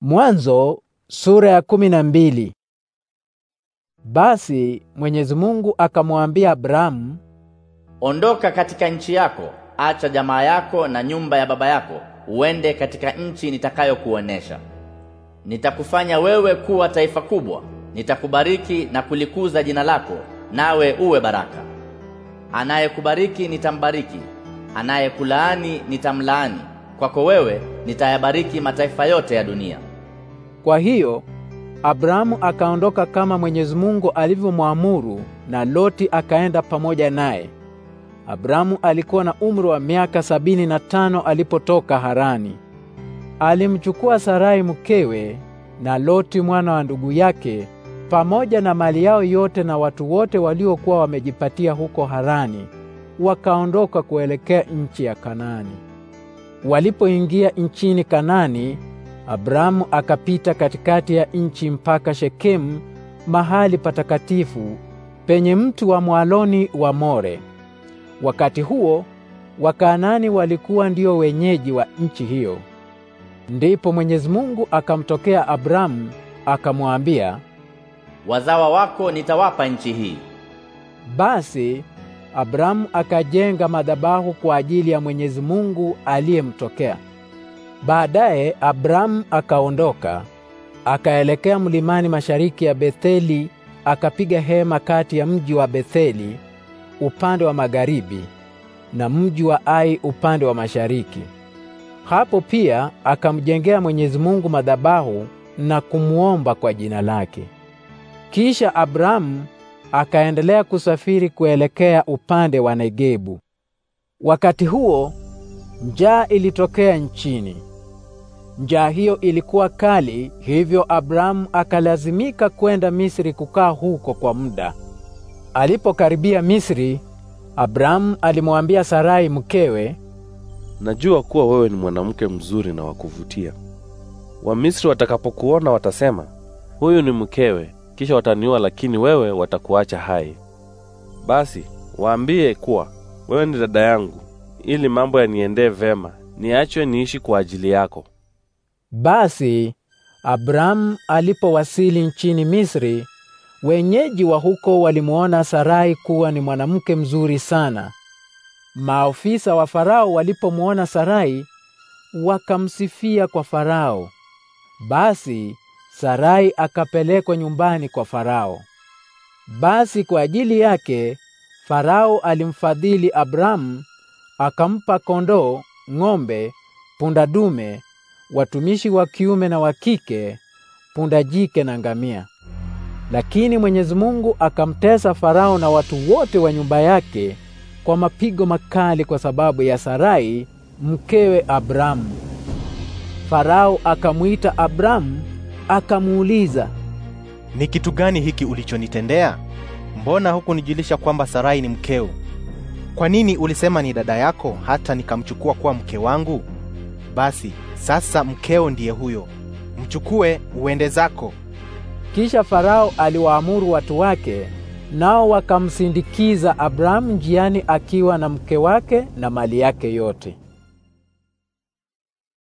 Mwanzo sura ya kumi na mbili. Basi Mwenyezi Mungu akamwambia Abrahamu, ondoka katika nchi yako, acha jamaa yako na nyumba ya baba yako, uende katika nchi nitakayokuonesha. Nitakufanya wewe kuwa taifa kubwa, nitakubariki na kulikuza jina lako, nawe uwe baraka. Anayekubariki nitambariki, anayekulaani nitamlaani kwako wewe nitayabariki mataifa yote ya dunia. Kwa hiyo Abrahamu akaondoka kama Mwenyezi Mungu alivyomwamuru, na Loti akaenda pamoja naye. Abrahamu alikuwa na umri wa miaka sabini na tano alipotoka Harani. Alimchukua Sarai mkewe na Loti mwana wa ndugu yake pamoja na mali yao yote na watu wote waliokuwa wamejipatia huko Harani, wakaondoka kuelekea nchi ya Kanaani. Walipoingia nchini Kanani, Abrahamu akapita katikati ya nchi mpaka Shekemu, mahali patakatifu penye mtu wa mwaloni wa More. Wakati huo wakanani walikuwa ndio wenyeji wa nchi hiyo. Ndipo Mwenyezi Mungu akamtokea Abrahamu akamwambia, wazawa wako nitawapa nchi hii. Basi Abrahamu akajenga madhabahu kwa ajili ya Mwenyezi Mungu aliyemtokea. Baadaye Abrahamu akaondoka akaelekea mlimani mashariki ya Betheli, akapiga hema kati ya mji wa Betheli upande wa magharibi na mji wa Ai upande wa mashariki. Hapo pia akamjengea Mwenyezi Mungu madhabahu na kumuomba kwa jina lake. Kisha Abrahamu akaendelea kusafiri kuelekea upande wa Negebu. Wakati huo njaa ilitokea nchini. Njaa hiyo ilikuwa kali, hivyo Abrahamu akalazimika kwenda Misri kukaa huko kwa muda. Alipokaribia Misri, Abrahamu alimwambia Sarai mkewe, najua kuwa wewe ni mwanamke mzuri na wa kuvutia. Wamisri watakapokuona watasema, huyu ni mkewe, kisha wataniua, lakini wewe watakuacha hai. Basi waambie kuwa wewe ni dada yangu, ili mambo yaniendee vema, niachwe niishi kwa ajili yako. Basi Abrahamu alipowasili nchini Misri, wenyeji wa huko walimuona Sarai kuwa ni mwanamke mzuri sana. Maofisa wa Farao walipomuona Sarai, wakamsifia kwa Farao. Basi Sarai akapelekwa nyumbani kwa Farao. Basi kwa ajili yake Farao alimfadhili Abramu, akampa kondoo, ng'ombe, punda dume, watumishi wa kiume na wa kike, punda jike na ngamia. Lakini Mwenyezi Mungu akamtesa Farao na watu wote wa nyumba yake kwa mapigo makali kwa sababu ya Sarai mkewe Abramu. Farao akamwita Abramu akamuuliza, ni kitu gani hiki ulichonitendea? Mbona hukunijulisha kwamba Sarai ni mkeo? Kwa nini ulisema ni dada yako hata nikamchukua kuwa mke wangu? Basi sasa mkeo ndiye huyo, mchukue uende zako. Kisha Farao aliwaamuru watu wake, nao wakamsindikiza Abrahamu njiani akiwa na mke wake na mali yake yote.